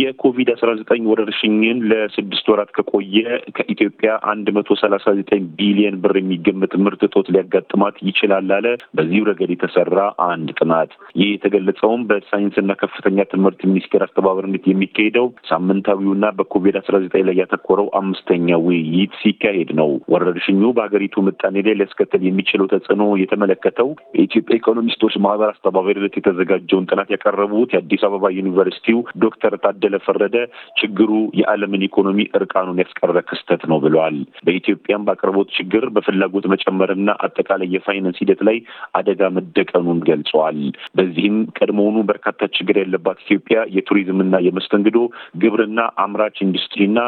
የኮቪድ አስራ ዘጠኝ ወረርሽኝን ለስድስት ወራት ከቆየ ከኢትዮጵያ አንድ መቶ ሰላሳ ዘጠኝ ቢሊየን ብር የሚገመት ምርት እጦት ሊያጋጥማት ይችላል አለ በዚሁ ረገድ የተሰራ አንድ ጥናት። ይህ የተገለጸውም በሳይንስና ከፍተኛ ትምህርት ሚኒስቴር አስተባባሪነት የሚካሄደው ሳምንታዊውና በኮቪድ አስራ ዘጠኝ ላይ ያተኮረው አምስተኛ ውይይት ሲካሄድ ነው። ወረርሽኙ በሀገሪቱ ምጣኔ ላይ ሊያስከተል የሚችለው ተጽዕኖ የተመለከተው የኢትዮጵያ ኢኮኖሚስቶች ማህበር አስተባባሪነት የተዘጋጀውን ጥናት ያቀረቡት የአዲስ አበባ ዩኒቨርሲቲው ዶክተር ታደ ታደለ ፈረደ ችግሩ የዓለምን ኢኮኖሚ እርቃኑን ያስቀረ ክስተት ነው ብለዋል። በኢትዮጵያም በአቅርቦት ችግር በፍላጎት መጨመርና አጠቃላይ የፋይናንስ ሂደት ላይ አደጋ መደቀኑን ገልጸዋል። በዚህም ቀድሞውኑ በርካታ ችግር ያለባት ኢትዮጵያ የቱሪዝምና የመስተንግዶ ግብርና፣ አምራች ኢንዱስትሪና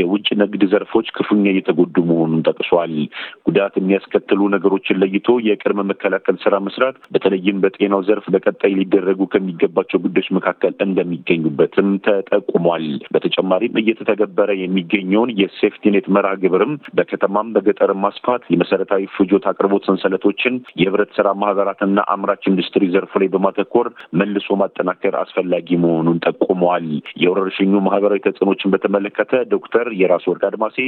የውጭ ንግድ ዘርፎች ክፉኛ እየተጎዱ መሆኑን ጠቅሷል። ጉዳት የሚያስከትሉ ነገሮችን ለይቶ የቅድመ መከላከል ስራ መስራት በተለይም በጤናው ዘርፍ በቀጣይ ሊደረጉ ከሚገባቸው ጉዳዮች መካከል እንደሚገኙበትም ተጠቁሟል። በተጨማሪም እየተተገበረ የሚገኘውን የሴፍቲኔት መርሃ ግብርም በከተማም በገጠር ማስፋት፣ የመሰረታዊ ፍጆታ አቅርቦት ሰንሰለቶችን፣ የህብረት ስራ ማህበራትና አምራች ኢንዱስትሪ ዘርፉ ላይ በማተኮር መልሶ ማጠናከር አስፈላጊ መሆኑን ጠቁመዋል። የወረርሽኙ ማህበራዊ ተጽዕኖችን በተመለከተ ዶክተር የራስ ወርቅ አድማሴ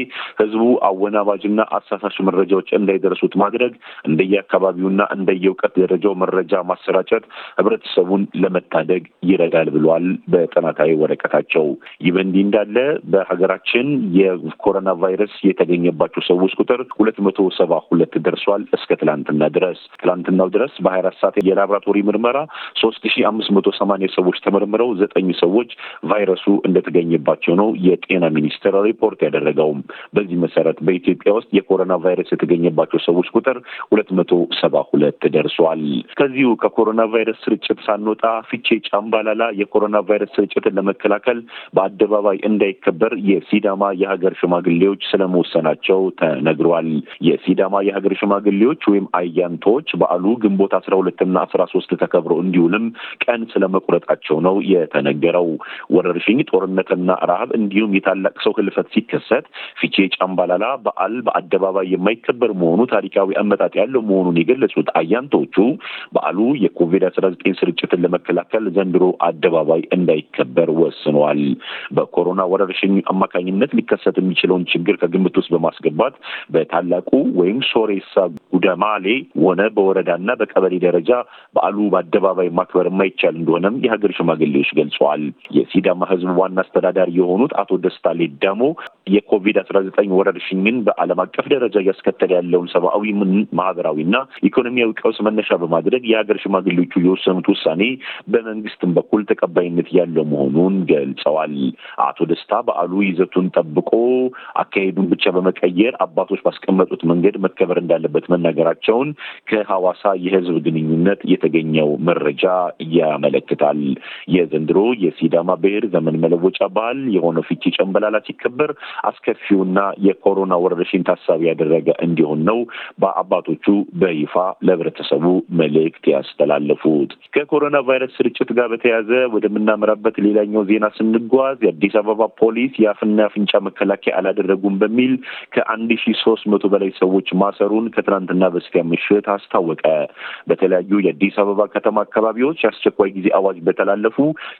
ህዝቡ አወናባጅና አሳሳሽ መረጃዎች እንዳይደርሱት ማድረግ፣ እንደየአካባቢውና እንደየእውቀት ደረጃው መረጃ ማሰራጨት ህብረተሰቡን ለመታደግ ይረዳል ብለዋል። በጥናታዊ ወረቀት መመለከታቸው። ይህ በእንዲህ እንዳለ በሀገራችን የኮሮና ቫይረስ የተገኘባቸው ሰዎች ቁጥር ሁለት መቶ ሰባ ሁለት ደርሷል። እስከ ትላንትና ድረስ ትላንትናው ድረስ በሀያ አራት ሰዓት የላብራቶሪ ምርመራ ሶስት ሺ አምስት መቶ ሰማኒያ ሰዎች ተመርምረው ዘጠኝ ሰዎች ቫይረሱ እንደተገኘባቸው ነው የጤና ሚኒስቴር ሪፖርት ያደረገውም። በዚህ መሰረት በኢትዮጵያ ውስጥ የኮሮና ቫይረስ የተገኘባቸው ሰዎች ቁጥር ሁለት መቶ ሰባ ሁለት ደርሷል። ከዚሁ ከኮሮና ቫይረስ ስርጭት ሳንወጣ ፍቼ ጫምባላላ የኮሮና ቫይረስ ስርጭትን ለመከላከል ለመከላከል በአደባባይ እንዳይከበር የሲዳማ የሀገር ሽማግሌዎች ስለመወሰናቸው ተነግሯል። የሲዳማ የሀገር ሽማግሌዎች ወይም አያንቶዎች በዓሉ ግንቦት አስራ ሁለትና አስራ ሶስት ተከብሮ እንዲውልም ቀን ስለመቁረጣቸው ነው የተነገረው። ወረርሽኝ፣ ጦርነትና ረሃብ እንዲሁም የታላቅ ሰው ህልፈት ሲከሰት ፊቼ ጫምባላላ በዓል በአደባባይ የማይከበር መሆኑ ታሪካዊ አመጣጥ ያለው መሆኑን የገለጹት አያንቶቹ በዓሉ የኮቪድ አስራ ዘጠኝ ስርጭትን ለመከላከል ዘንድሮ አደባባይ እንዳይከበር ወስ ወስነዋል። በኮሮና ወረርሽኝ አማካኝነት ሊከሰት የሚችለውን ችግር ከግምት ውስጥ በማስገባት በታላቁ ወይም ሶሬሳ ጉደማሌ ሆነ በወረዳና በቀበሌ ደረጃ በዓሉ በአደባባይ ማክበር የማይቻል እንደሆነም የሀገር ሽማግሌዎች ገልጸዋል። የሲዳማ ሕዝብ ዋና አስተዳዳሪ የሆኑት አቶ ደስታ ሌዳሞ የኮቪድ አስራ ዘጠኝ ወረርሽኝን በዓለም አቀፍ ደረጃ እያስከተለ ያለውን ሰብአዊ፣ ማህበራዊና ኢኮኖሚያዊ ቀውስ መነሻ በማድረግ የሀገር ሽማግሌዎቹ የወሰኑት ውሳኔ በመንግስትም በኩል ተቀባይነት ያለው መሆኑን ገ ገልጸዋል። አቶ ደስታ በዓሉ ይዘቱን ጠብቆ አካሄዱን ብቻ በመቀየር አባቶች ባስቀመጡት መንገድ መከበር እንዳለበት መናገራቸውን ከሐዋሳ የህዝብ ግንኙነት የተገኘው መረጃ ያመለክታል። የዘንድሮ የሲዳማ ብሔር ዘመን መለወጫ በዓል የሆነው ፊቼ ጨንበላላ ሲከበር አስከፊውና የኮሮና ወረርሽኝ ታሳቢ ያደረገ እንዲሆን ነው በአባቶቹ በይፋ ለህብረተሰቡ መልእክት ያስተላለፉት። ከኮሮና ቫይረስ ስርጭት ጋር በተያያዘ ወደምናመራበት ሌላኛው ዜና ስንጓዝ የአዲስ አበባ ፖሊስ የአፍና አፍንጫ መከላከያ አላደረጉም በሚል ከአንድ ሺ ሶስት መቶ በላይ ሰዎች ማሰሩን ከትናንትና በስቲያ ምሽት አስታወቀ። በተለያዩ የአዲስ አበባ ከተማ አካባቢዎች የአስቸኳይ ጊዜ አዋጅ በተላለፉ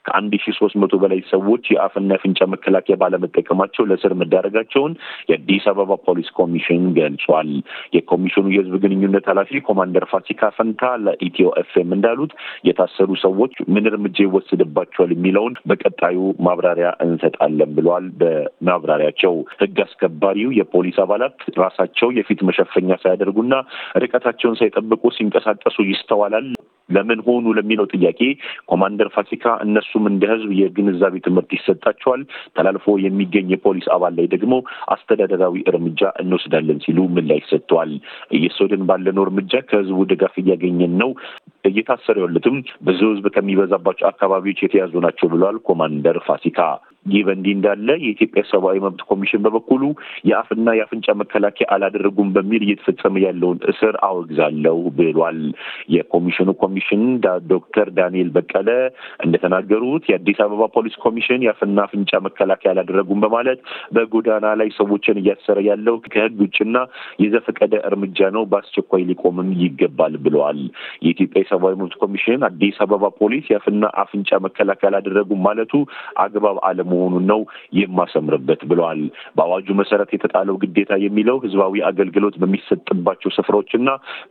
ከአንድ ሺ ሶስት መቶ በላይ ሰዎች የአፍና አፍንጫ መከላከያ ባለመጠቀማቸው ለስር መዳረጋቸውን የአዲስ አበባ ፖሊስ ኮሚሽን ገልጿል። የኮሚሽኑ የህዝብ ግንኙነት ኃላፊ ኮማንደር ፋሲካ ፈንታ ለኢትዮ ኤፍኤም እንዳሉት የታሰሩ ሰዎች ምን እርምጃ ይወሰድባቸዋል የሚለውን በቀጣዩ ጉዳዩ ማብራሪያ እንሰጣለን ብለዋል። በማብራሪያቸው ህግ አስከባሪው የፖሊስ አባላት ራሳቸው የፊት መሸፈኛ ሳያደርጉና ርቀታቸውን ሳይጠብቁ ሲንቀሳቀሱ ይስተዋላል። ለምን ሆኑ ለሚለው ጥያቄ ኮማንደር ፋሲካ እነሱም እንደ ህዝብ የግንዛቤ ትምህርት ይሰጣቸዋል፣ ተላልፎ የሚገኝ የፖሊስ አባል ላይ ደግሞ አስተዳደራዊ እርምጃ እንወስዳለን ሲሉ ምላሽ ሰጥተዋል። እየወሰድን ባለነው እርምጃ ከህዝቡ ድጋፍ እያገኘን ነው። እየታሰሩ ያሉትም ብዙ ህዝብ ከሚበዛባቸው አካባቢዎች የተያዙ ናቸው ብለዋል ኮማንደር ፋሲካ። ይህ በእንዲህ እንዳለ የኢትዮጵያ ሰብአዊ መብት ኮሚሽን በበኩሉ የአፍና የአፍንጫ መከላከያ አላደረጉም በሚል እየተፈጸመ ያለውን እስር አወግዛለሁ ብሏል። የኮሚሽኑ ኮሚሽን ዶክተር ዳንኤል በቀለ እንደተናገሩት የአዲስ አበባ ፖሊስ ኮሚሽን የአፍና አፍንጫ መከላከያ አላደረጉም በማለት በጎዳና ላይ ሰዎችን እያሰረ ያለው ከህግ ውጭና የዘፈቀደ እርምጃ ነው፣ በአስቸኳይ ሊቆምም ይገባል ብለዋል። የኢትዮጵያ የሰብአዊ መብት ኮሚሽን አዲስ አበባ ፖሊስ የአፍና አፍንጫ መከላከያ አላደረጉም ማለቱ አግባብ አለሙ መሆኑን ነው የማሰምርበት ብለዋል። በአዋጁ መሰረት የተጣለው ግዴታ የሚለው ህዝባዊ አገልግሎት በሚሰጥባቸው ስፍራዎችና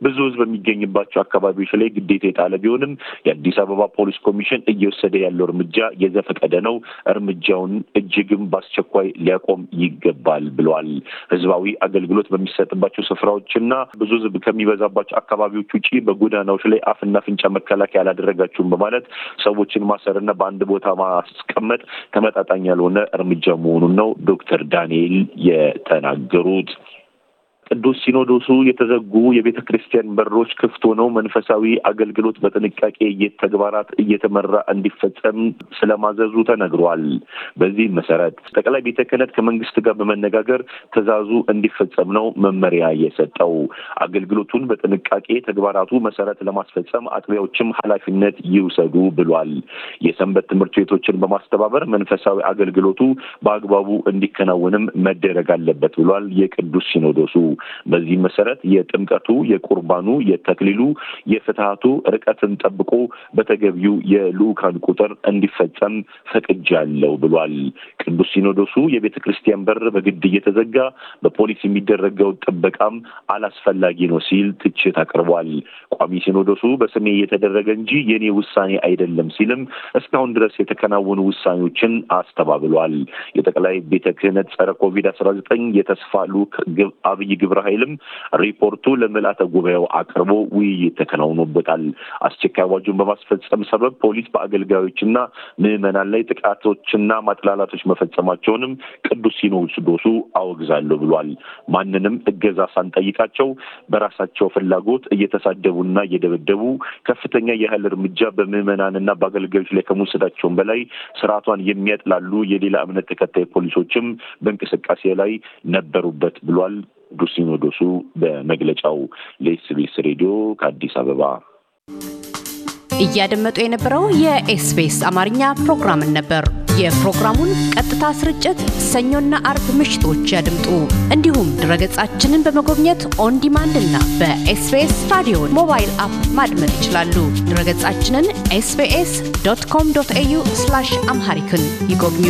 ብዙ ህዝብ በሚገኝባቸው አካባቢዎች ላይ ግዴታ የጣለ ቢሆንም የአዲስ አበባ ፖሊስ ኮሚሽን እየወሰደ ያለው እርምጃ የዘፈቀደ ነው። እርምጃውን እጅግም በአስቸኳይ ሊያቆም ይገባል ብለዋል። ህዝባዊ አገልግሎት በሚሰጥባቸው ስፍራዎችና ብዙ ህዝብ ከሚበዛባቸው አካባቢዎች ውጪ በጎዳናዎች ላይ አፍና ፍንጫ መከላከያ አላደረጋችሁም በማለት ሰዎችን ማሰርና በአንድ ቦታ ማስቀመጥ ተመጣጣ አፋጣኝ ያልሆነ እርምጃ መሆኑን ነው ዶክተር ዳንኤል የተናገሩት። ቅዱስ ሲኖዶሱ የተዘጉ የቤተ ክርስቲያን በሮች ክፍት ሆነው መንፈሳዊ አገልግሎት በጥንቃቄ ተግባራት እየተመራ እንዲፈጸም ስለማዘዙ ተነግሯል። በዚህ መሰረት ጠቅላይ ቤተ ክህነት ከመንግስት ጋር በመነጋገር ትዕዛዙ እንዲፈጸም ነው መመሪያ የሰጠው። አገልግሎቱን በጥንቃቄ ተግባራቱ መሰረት ለማስፈጸም አጥቢያዎችም ኃላፊነት ይውሰዱ ብሏል። የሰንበት ትምህርት ቤቶችን በማስተባበር መንፈሳዊ አገልግሎቱ በአግባቡ እንዲከናወንም መደረግ አለበት ብሏል የቅዱስ ሲኖዶሱ በዚህ መሰረት የጥምቀቱ፣ የቁርባኑ፣ የተክሊሉ፣ የፍትሀቱ ርቀትን ጠብቆ በተገቢው የልዑካን ቁጥር እንዲፈጸም ፈቅጃለሁ ብሏል። ቅዱስ ሲኖዶሱ የቤተ ክርስቲያን በር በግድ እየተዘጋ በፖሊስ የሚደረገው ጥበቃም አላስፈላጊ ነው ሲል ትችት አቅርቧል። ቋሚ ሲኖዶሱ በስሜ የተደረገ እንጂ የኔ ውሳኔ አይደለም ሲልም እስካሁን ድረስ የተከናወኑ ውሳኔዎችን አስተባብሏል። የጠቅላይ ቤተ ክህነት ጸረ ኮቪድ አስራ ዘጠኝ የተስፋሉ አብይ ግብረ ኃይልም ሪፖርቱ ለመላተ ጉባኤው አቅርቦ ውይይት ተከናውኖበታል። አስቸኳይ አዋጁን በማስፈጸም ሰበብ ፖሊስ በአገልጋዮችና ምዕመናን ላይ ጥቃቶችና ማጥላላቶች መፈጸማቸውንም ቅዱስ ሲኖዶሱ አወግዛለሁ ብሏል። ማንንም እገዛ ሳንጠይቃቸው በራሳቸው ፍላጎት እየተሳደቡና እየደበደቡ ከፍተኛ የኃይል እርምጃ በምዕመናንና በአገልጋዮች ላይ ከመውሰዳቸውን በላይ ስርዓቷን የሚያጥላሉ የሌላ እምነት ተከታይ ፖሊሶችም በእንቅስቃሴ ላይ ነበሩበት ብሏል። ቅዱስ ሲኖዶሱ በመግለጫው ለኤስቤስ ሬዲዮ ከአዲስ አበባ እያደመጡ የነበረው የኤስቢኤስ አማርኛ ፕሮግራምን ነበር። የፕሮግራሙን ቀጥታ ስርጭት ሰኞና አርብ ምሽቶች ያድምጡ። እንዲሁም ድረገጻችንን በመጎብኘት ኦን ዲማንድ እና በኤስቤስ ራዲዮን ሞባይል አፕ ማድመጥ ይችላሉ። ድረገጻችንን ኤስቤስ ዶት ኮም ዶት ኤዩ አምሃሪክን ይጎብኙ።